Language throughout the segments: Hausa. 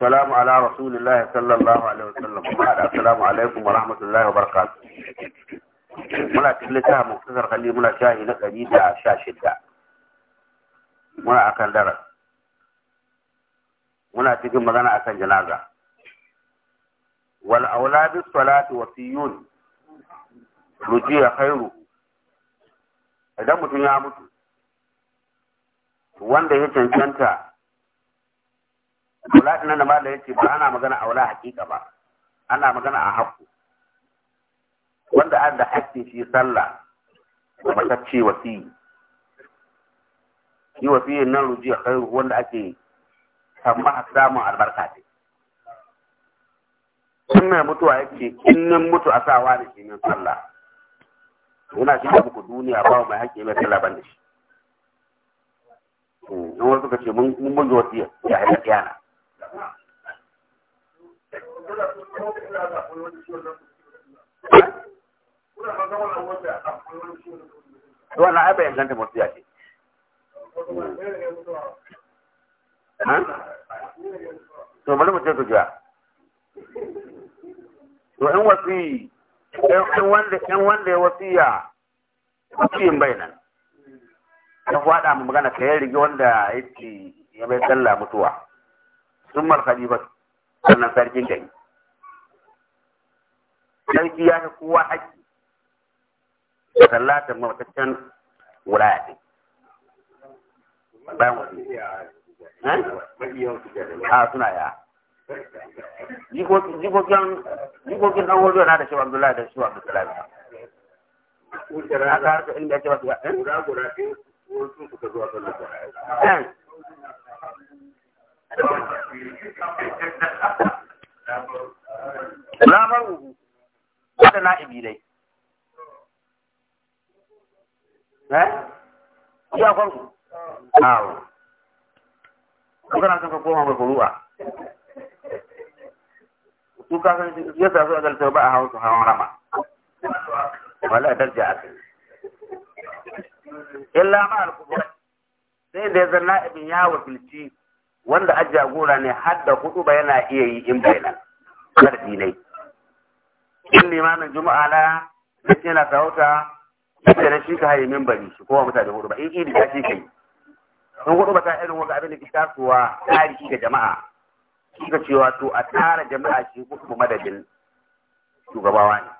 salamu ala rasulillahi sallallahu alaihi wasallam da assalamu alaikum wa rahmatullahi wa barakatuh muna cikin littafin muktasar kalli muna sha shida muna akan daras muna cikin magana akan janaza wal aula bis salati wasiyun rujiya khairu idan mutum ya mutu wanda ya cancanta aula ɗin nan malam yace ba ana magana aula haƙiƙa ba ana magana a haƙƙo wanda an da haƙƙin shi sallah da matacce wasiyi shi wasiyin nan ruji a kai wanda ake a samun albarka ce in mai mutuwa yake in mutu a sawa da shi min sallah yana shi da muku duniya ba mai haƙƙi mai sallah ban da shi hmm, in wasu ka ce mun mun ji ya haɗa kiyana wannan ai bai inganta mutu ya ce to bari mu ce ku jiya to in wasi in wanda in wanda ya wasiya wasiyin bai nan ta faɗa mu magana ka yi rige wanda ya ce ya bai sallah mutuwa ثم الخليفة أنا سارجين جاي سارجي يا كوا حج سلات مركتشن ولا يعني بعمر ها ها آه، سنايا يقول يقول كان يقول كان هو جوان هذا شو عبد الله هذا شو عبد إن أجابت وقت أنا أقول lamar uhu wata na'ibi ne eh? iya kwanku awo kana son ka koma mai kuruwa su ka san ya sa su adalta ba a hausu hawan rama wala darja a kai illa ma alkubar sai da ya zan na'ibin ya wakilci wanda a jagora ne har da hudu ba yana iya yi in bai nan karfi ne in limanin juma'a na da na sarauta sai na shi ka haye min bari shi kowa mutane hudu ba in idi ta shi yi in hudu ba ta irin wanda abin da ke tasowa tarihi ga jama'a shi ka cewa to a tara jama'a shi hudu madadin shugabawa ne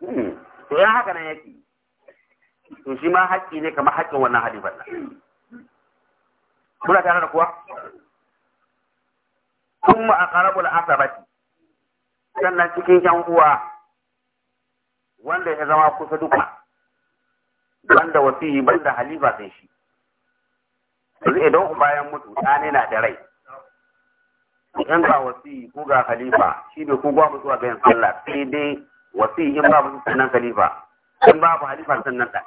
hmm. to yan haka nan yake to shi ma haƙƙi ne kamar haƙƙin wannan halifan nan kuna tare da kuwa ma a karabul asabati sannan cikin yan uwa wanda ya zama kusa duka banda wasiyi banda halifa sai shi yanzu idan bayan mutu ɗane na da rai Yan ga wasiyi ko ga halifa shi ne ku gwa mutuwa ga yin sallah sai dai wasiyi in babu su sannan halifa in babu halifa sannan ɗan.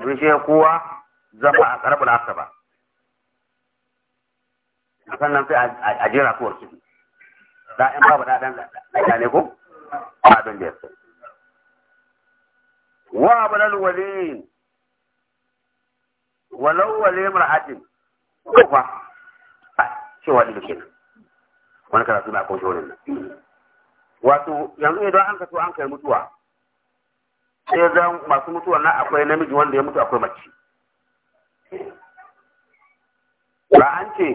Rushe kowa zama a karɓar asa ba sannan sai a jera kowar ciki 'yan babu ɗan ɗaɗa ne ko a abin da yasa wa abulal waliyin walau waliyin mar'atin ko fa ce wani da kenan wani karatu na kaushe nan. wato yanzu idan an kato an kai mutuwa sai zan masu mutuwa na akwai namiji wanda ya mutu akwai mace ba an ce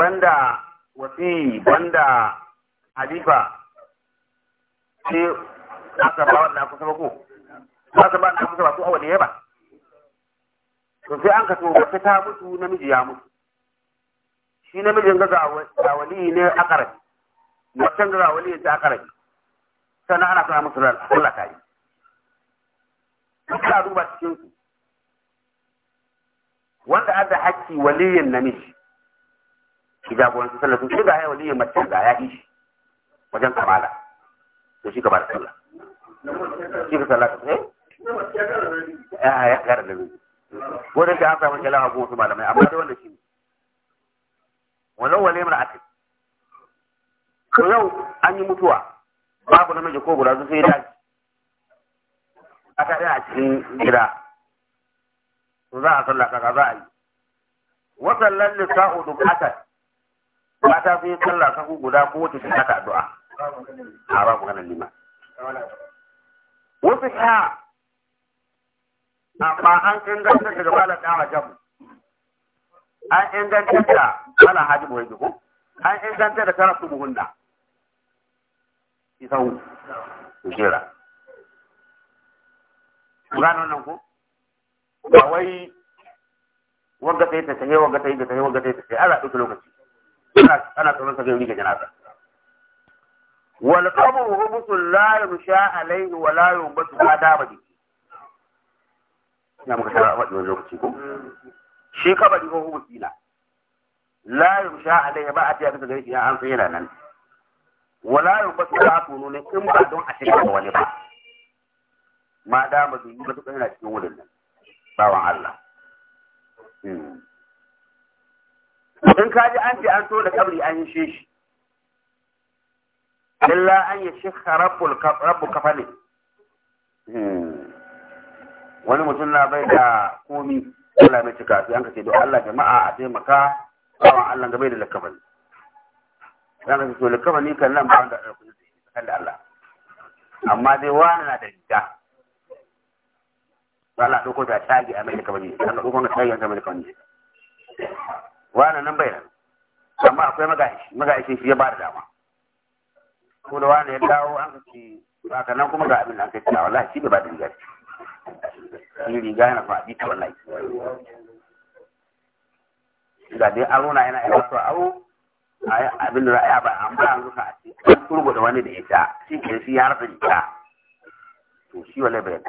banda wasi banda halifa sai aka ba wannan kusa ba ko aka ba wannan kusa ba su awa ne ba to sai an ka ba wata ta mutu namiji ya mutu shi namijin ga ga wali ne a karai wancan ga wali ne a karai sannan ana fara musu Allah ta yi. Ina duba cikin su wanda aka haƙƙi waliyin namiji shi jagoranci sallah sun ga ya waliyin mace ga ya ishi wajen kamala to shi gaba da sallah shi ka sallah ka eh ya gara da ni Ko da an samu jalawa ko su malamai amma da wanda shi walau wale mara akai to yau an yi mutuwa babu namiji ko guda su sai daji aka a cikin gida to za a sallah kaza za a yi wasallan nisa'u dubatan mata sun yi sallah sahu guda ko wata ta haka addu'a a ba ku magana lima wasu sha amma an inganta daga malam da hajabu an inganta da malam hajibu wai ko an inganta da tara su buhunda buhunna isau jira ku gano nan ko ba wai ta yi ta tahe wanda kai ta tahe wanda kai ta tahe ana ɗauki lokaci ana tsoron sa zai rike janaza wal qabru hubutun la yusha alaihi wa la yubatu ma dama bi ina muka tara wani lokaci ko shi kabari ko hubuti na la yusha alaihi ba a tiya kasa gari idan an san yana nan wala ba ma tunu ne in ba don a cikin wani ba ma dama bi ba duka yana cikin wurin nan bawan Allah in ka ji an ce an so da kabri an yi shi illa an yi shi kafa ne. wani mutum na bai da komi Allah mai cika sai an ka ce don Allah jama'a a taimaka bawan Allah ga bai da lakabani zan ka ce to lakabani kan nan ba da kan da Allah amma dai wani na da riga Allah ɗauko ta tsage a mai kamar ne Allah ɗauko na tsage a mai kamar ne wani nan bai nan amma akwai magashi magashi shi ya ba da dama ko da wani ya dawo an kace ba nan kuma ga abin da an kace wallahi shi ne ba da riga shi riga yana faɗi ta wallahi ga dai aruna yana yana so aro abin da ra'aya ba amma an zuka a ce an da wani da ita shi ke shi da to shi bai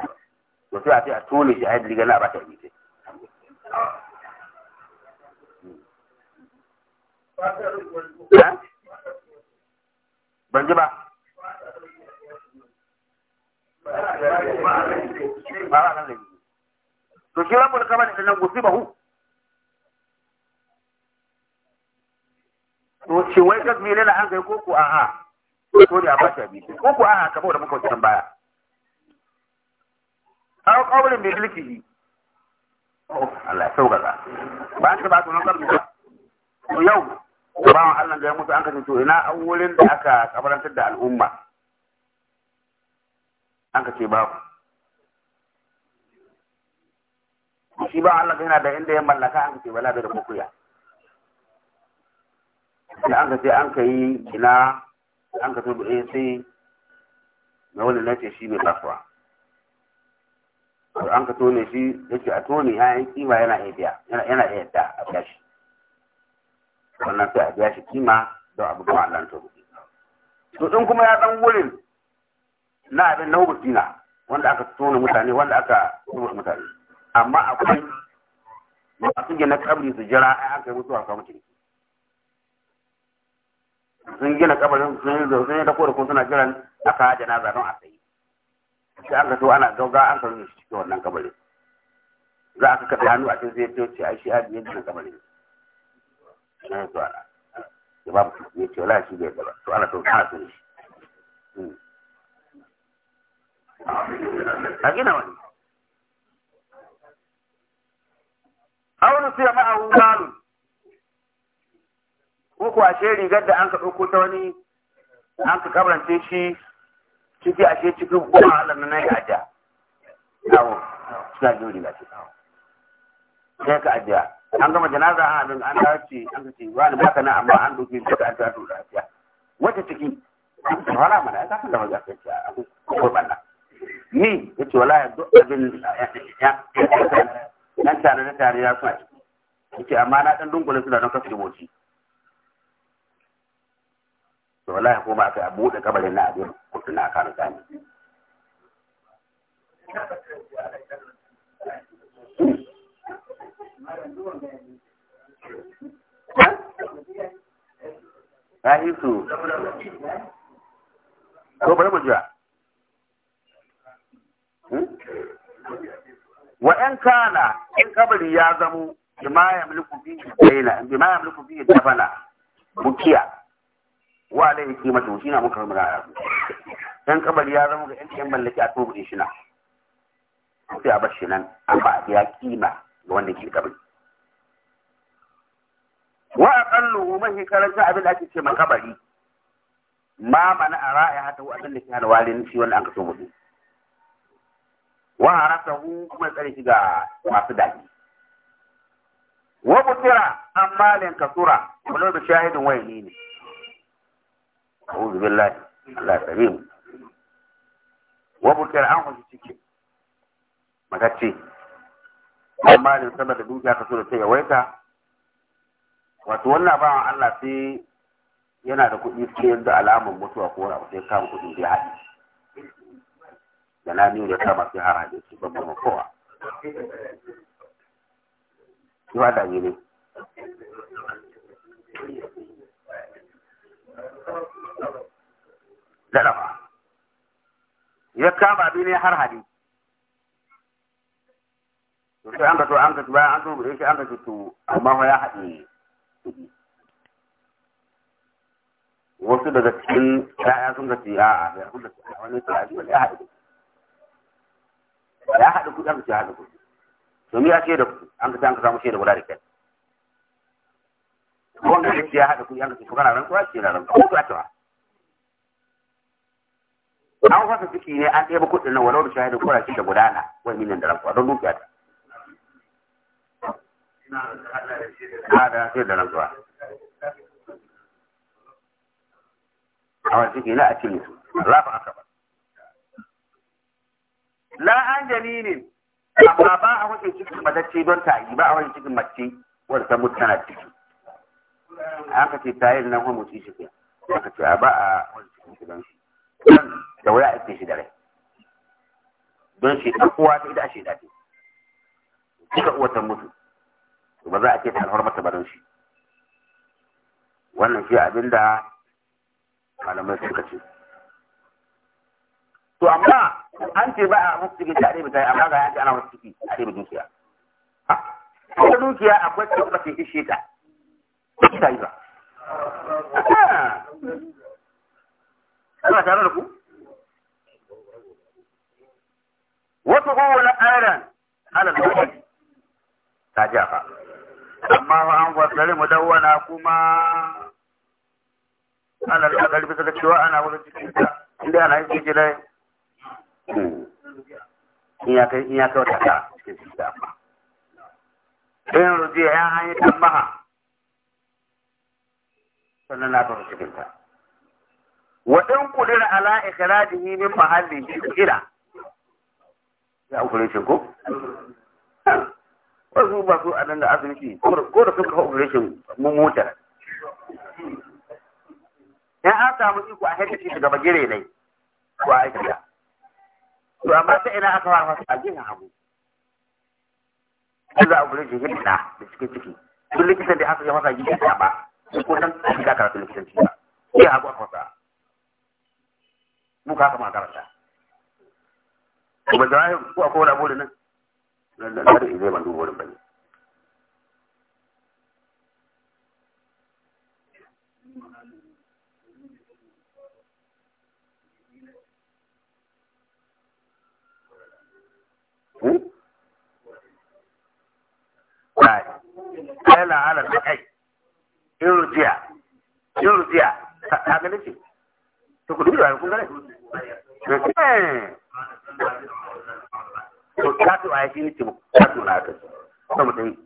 to a ce a tone shi a yadda rigar na ba ta rigice ban ji ba to shi rabbul kamar da nan gusi bahu to shi wai gasmi ne na an kai koko a'a to ne a ba ta bi koko a'a ka bau da muka wancan baya aw qawlin bi mulkihi oh Allah ka. ba an ba su nan kalmi ba to yau bawan Allah da ya mutu an kace to ina awulin da aka kabarantar da al'umma an ka kace babu shi ba Allah yana da inda ya mallaka an ce wala da kokuya da an ka ce an ka yi ina an ka kace sai na wani ce shi ne kasuwa an ka tone shi yace a tone yi kima yana iya biya yana iya da a biya shi wannan sai a biya shi kima don abu da Allah to to din kuma ya dan wurin na abin na hukuncina wanda aka tona mutane wanda aka tona mutane amma akwai masu gina kabri su jira ai aka yi musu a kawo sun gina kabarin sun yi zaune da kodakon suna jiran a kawo janaza don a sayi sai aka so ana gauga an karu shi cikin wannan kabarin za a hannu a cikin zai ce ce a shi a biyar na kabarin na ya ba ya ce wala shi ko kuwa shi rigar da an ka ɗauko ta wani an ka shi ciki ashe cikin kuma halar na ya ajiya yawo suna jori ga ciki sai ka ajiya an gama janaza a abin an ce an ta ce wani baka na amma an dokin duka an tato da ajiya wata ciki an mana ya san da maza kai ce a kuma banna ni ya ce wala duk abin yan tare da tare ya suna ciki ya ce amma na dan dunkule suna don kasu da moci to wallahi ko ba a buɗe kabarin na abin kuntuna a kanu sami Rahi su, ko bari mu jira. Hmm? Wa ‘yan kana in kabari ya zamo, bi ma ya mulku biyu dafana, bukiya, wa alaihi qimatu shi na muka rumura dan kabari ya zama ga yan yan mallaki a tobe shi na sai a bar shi nan amma a biya kima ga wanda ke kabari wa aqallu mahi karanta abin da ake ce makabari ma mana a wa abin da ke halwarin shi wanda an so mutu wa harasahu kuma tsare shi ga masu dadi. wa butira amma lan kasura kullu shahidin wayni ne أعوذ بالله الله سبيل وابو عنه cikin magacci amma da sama da dukiya ta da ta yawaita wato wannan في Allah sai yana da kuɗi sai yanzu alamar mutuwa ko wani sai kama kuɗin da haɗi da na ne da kama sai har haɗe su kowa. shi ba da ne galaba ya kama bi ne har hadi to sai an ka to an ka bayan an tubu shi an ka to amma ya haɗe wasu daga cikin ya'ya sun ka ce a a ya kula wani ta ya haɗe ya haɗe kuɗi an ka ce haɗe kuɗi to me ya ce da ku an ka ce an ka samu shaida guda da kai ko an ka ce ya haɗe kuɗi an ka ce ko kana ran ko ce na ran ko ta ta an fasa ciki ne an ɗaya kuɗin nan walau da shahidin kurashi da gudana min ne da rantsuwa don dukiya ta a da sai da rantsuwa a wani ciki na a cire su Allah ba haka ba la an jalilin amma ba a wajen cikin matacce don ta yi ba a wajen cikin mace wanda ta mutu tana ciki an ka ce tayin nan kuma mutu shi ke an ka ce ba a wajen cikin gidan shi da wuri a iske shi da rai don shi ɗan uwa ta ita a shaida ce duka uwa mutu to ba za a ce ta alhormar ta barin shi wannan shi abin da malamai suka ce to amma an ce ba a musu ta da arewa ta yi amma ga yanki ana musu ciki a arewa dukiya ko dukiya akwai ce ishe ta ta yi ba Ana tare da ku? wasu kowane ƙaran ala zuwa ta ji fa amma fa an kwasari mu dawana kuma ala zuwa ƙarfi suka cewa ana wasu cikin ta inda ana yin cikin dai in ya kai in ya kai wata ta cikin cikin ta amma in rujiya ya hanyar tambaha sannan na tafi cikin ta kudin in ala ikhrajihi min mahallihi ila ya operation ko ba su a da asibiti ko da suka operation mun mota in an samu iko a haka shi daga bagire ne ko a gida to amma ta ina aka fara a ajin abu ko za a operation gina da cike ciki duk likitan da aka yi masa gina ba ko nan ka karatu likitanci ba sai hagu aka fasa muka kama karanta kuma zahir ko akwai wani abu da nan lallar ban bane Kai da kai, in rujiya, in rujiya, ta ganin ce, ta kudu da kun gane? to katu a yake nake katu na aka ko mutum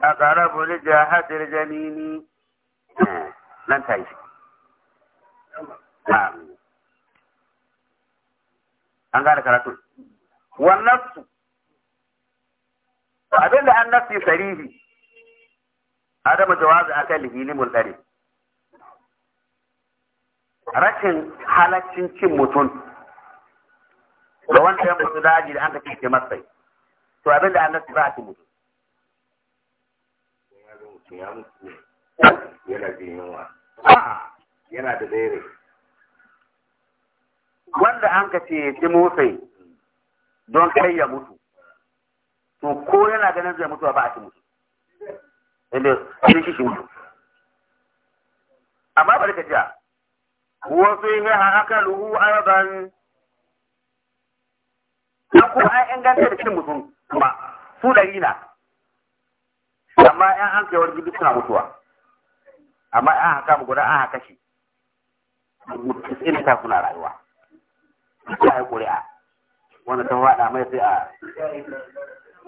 a ƙara buri jihadar jamini nan ta yi an gane karatu wannan su abin da an nafi sarihi adamu jawazi akan lihilimul dare rashin halaccin cin mutum da wanda ya mutu daji da an ka ce masai to abin da an nafi ba a mutu. mutum yana da dare wanda an ka ce ya ci motsai don kai ya mutu to ko yana ganin zai mutuwa ba a ci mutu inda sai shi shi mutu amma bari ka jiya wasu yi haka luhu araban an ko an inganta da cin mutum ba su da na amma yan an kai wargi suna mutuwa amma an haka mu guda an haka shi mutum ta kuna rayuwa ya yi ƙuri'a wanda ta faɗa mai sai a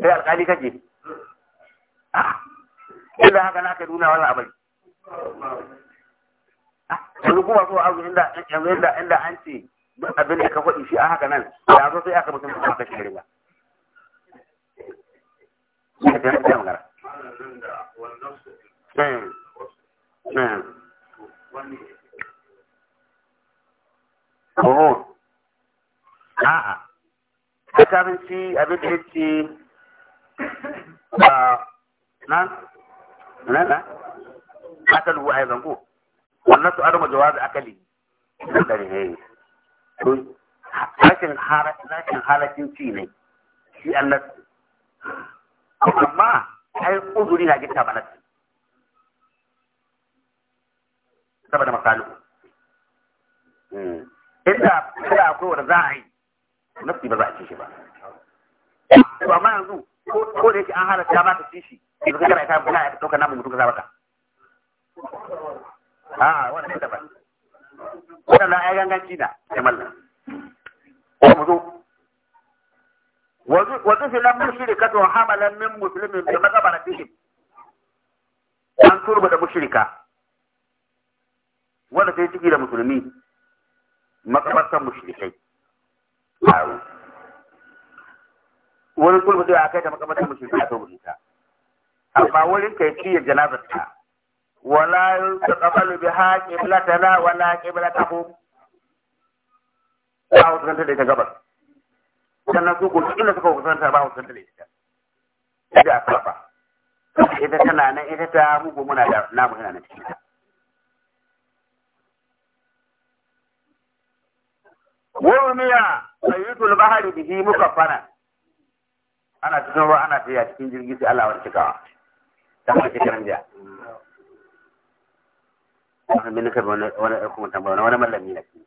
Kai alƙali kake? Inda haka na ka nuna wannan abin. Yanzu kuma so azu inda yanzu inda inda an ce abin da ka faɗi shi a haka nan ya zo sai aka mutum kuma ka shirya ba. Ya ta yi magana. Oh. a'a tsakanin shi abin da yake a nan nan nan aka lubu a zango wannan su adama jawabi akali nan da ne eh. to rashin rashin halakin ci ne shi annas amma ai uzuri na gita ba nasu saboda makalu hmm. inda inda akwai wanda za a yi nafsi ba za a ci shi ba to amma yanzu ko da yake an halatta ba ta ci shi yanzu ka kana ka bula ya dauka namu mutum ka zaba ka a wannan daban wannan ai ganganci na sai mallan ko mu zo min مشركة حملا من مسلم بمقبرتهم an turba da mushrika wanda ta yi ciki da musulmi makabartar mushrikai faru wurin gulmudu a kai ta makamantar mushrikai a saboda ta amma wurin kaifiyar janazar ta wala yustaqbalu biha qiblatana wala qiblatahum ba wasu kanta da ita gabas sannan su kuma inda suka ta ba wasu kanta da ita da asalfa ita tana nan ita ta mugu muna da namu ina na cikin ta Wurmiya sayyidul bahari bihi mukaffana. Ana cikin ruwa ana tafiya cikin jirgi sai Allah wani cikawa. Ta hanyar cikin jiya. Wani minikar wani kuma tambaya wani mallami ne cikin.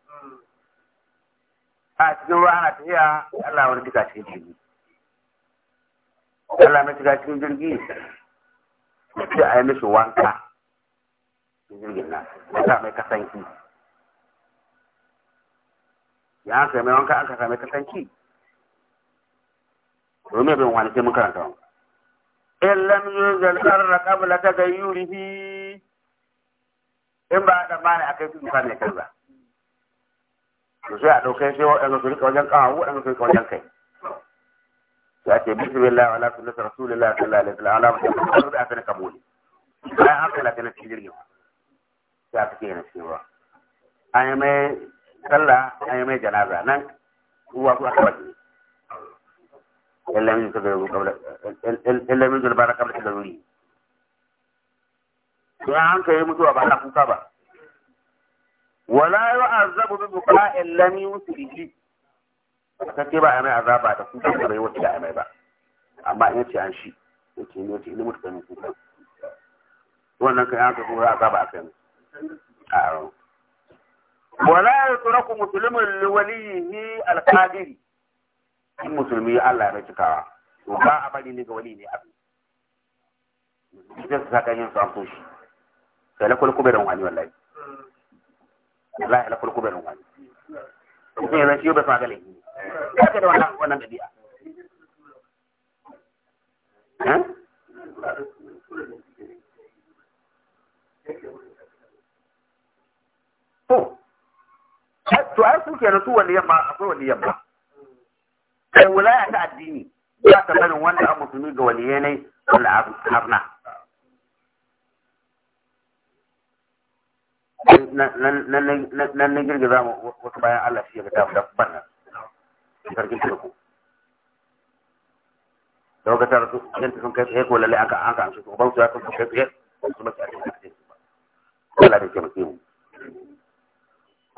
A cikin ruwa ana tafiya Allah wani cika cikin jirgi. Allah mai cika cikin jirgi. Sai a yi mishi wanka. Jirgin nan. Ya mai kasanki. ya haka mai wanka aka same kasanci domin bin wani sai mun karanta wani in yuzal arra qabla tagayyurihi in ba da mani akai su ka ne kaza to sai a dauke shi wa su rika wajen kawo wa su rika wajen kai ya ce bismillah wa la sunnati rasulillah sallallahu alaihi wasallam alama ta da aka na kabuli bayan haka la ta cikin jirgin sai aka ce na cikin ruwa an yi mai sallah an yi mai janaza nan ruwa ku aka wajen illamin zubar rubu kabla illamin zubar kabla da ruri sai an kai mutuwa ba na kuka ba wala azabu bi buqa'in lam yusrihi ce ba a mai azaba da kuka da bai wata da mai ba amma in ce an shi ce ne yace ni mutu kan kuka wannan kai an ka kuka azaba a kai a wala yutraku muslimun li walihi al-qadir musulmi Allah ya cikawa to ba a bari ne ga wali ne abu idan saka yin su amso shi sai la kulku bayran wani wallahi wallahi la kulku bayran wani mutum ya zanci yau bai fagale kaka da wannan wannan dabi'a to to ai su kenan su waliyan ma akwai waliyan ba kai wilaya ta addini ba ta barin wanda a musulmi ga waliyai ne wanda harna nan na girgiza mu wasu bayan Allah shi ya fita da banna sarkin turku da waka tara su yanta sun kai tsaye ko lalle an ka an ka an su ban su ya sun kai tsaye su masu a cikin ba Allah da ke mutum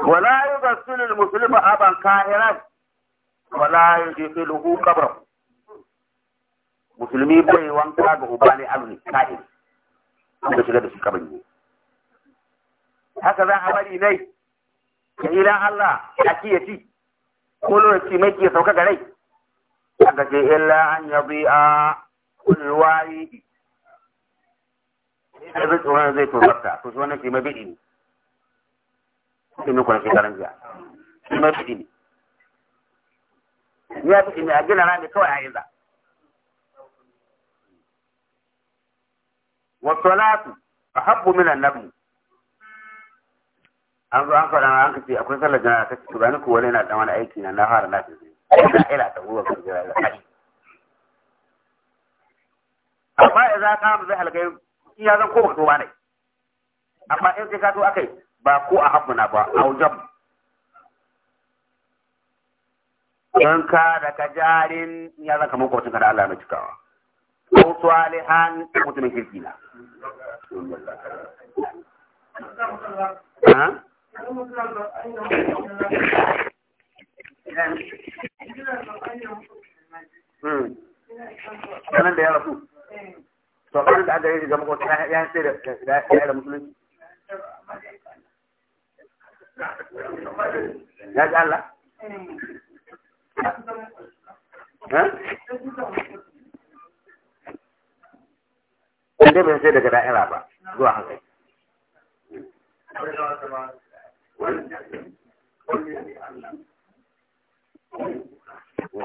wala yughsilu al-muslimu aban kahiran wala yudkhiluhu qabra musulmi bai wanka ga uba ne abu ne kahir da shiga da shi kabari haka za a bari nai ka ila Allah a kiyaci ko lokaci mai ke sauka ga rai aka illa an yabi a kulwayi da zai tsoron zai tozarta to shi wannan ke mabi'i ne ilimin ku na shekaran jiya shi mai fiti ne ni ya fiti ne a gina rami kawai a iza wasu a habbu minan nabi an zo an faɗa an kace akwai sallar jana'a ta ce tugani ko wani yana dan wani aiki na na fara na tafi ina ila ta ruwa kan jira da amma idan ka mu zai halgai in ya zan ko ba to ba ne amma in sai ka to akai ba ko a habbuna ba wujan don ka da ka jarin ya zan kama kwacin ka da Allah mai cikawa ko salihan mutumin kirki na Sanan da ya rasu, to da aka yi ga ya sai da ya da musulunci. ya ga Allah Wanda bai sai daga da'ira ba zuwa haka.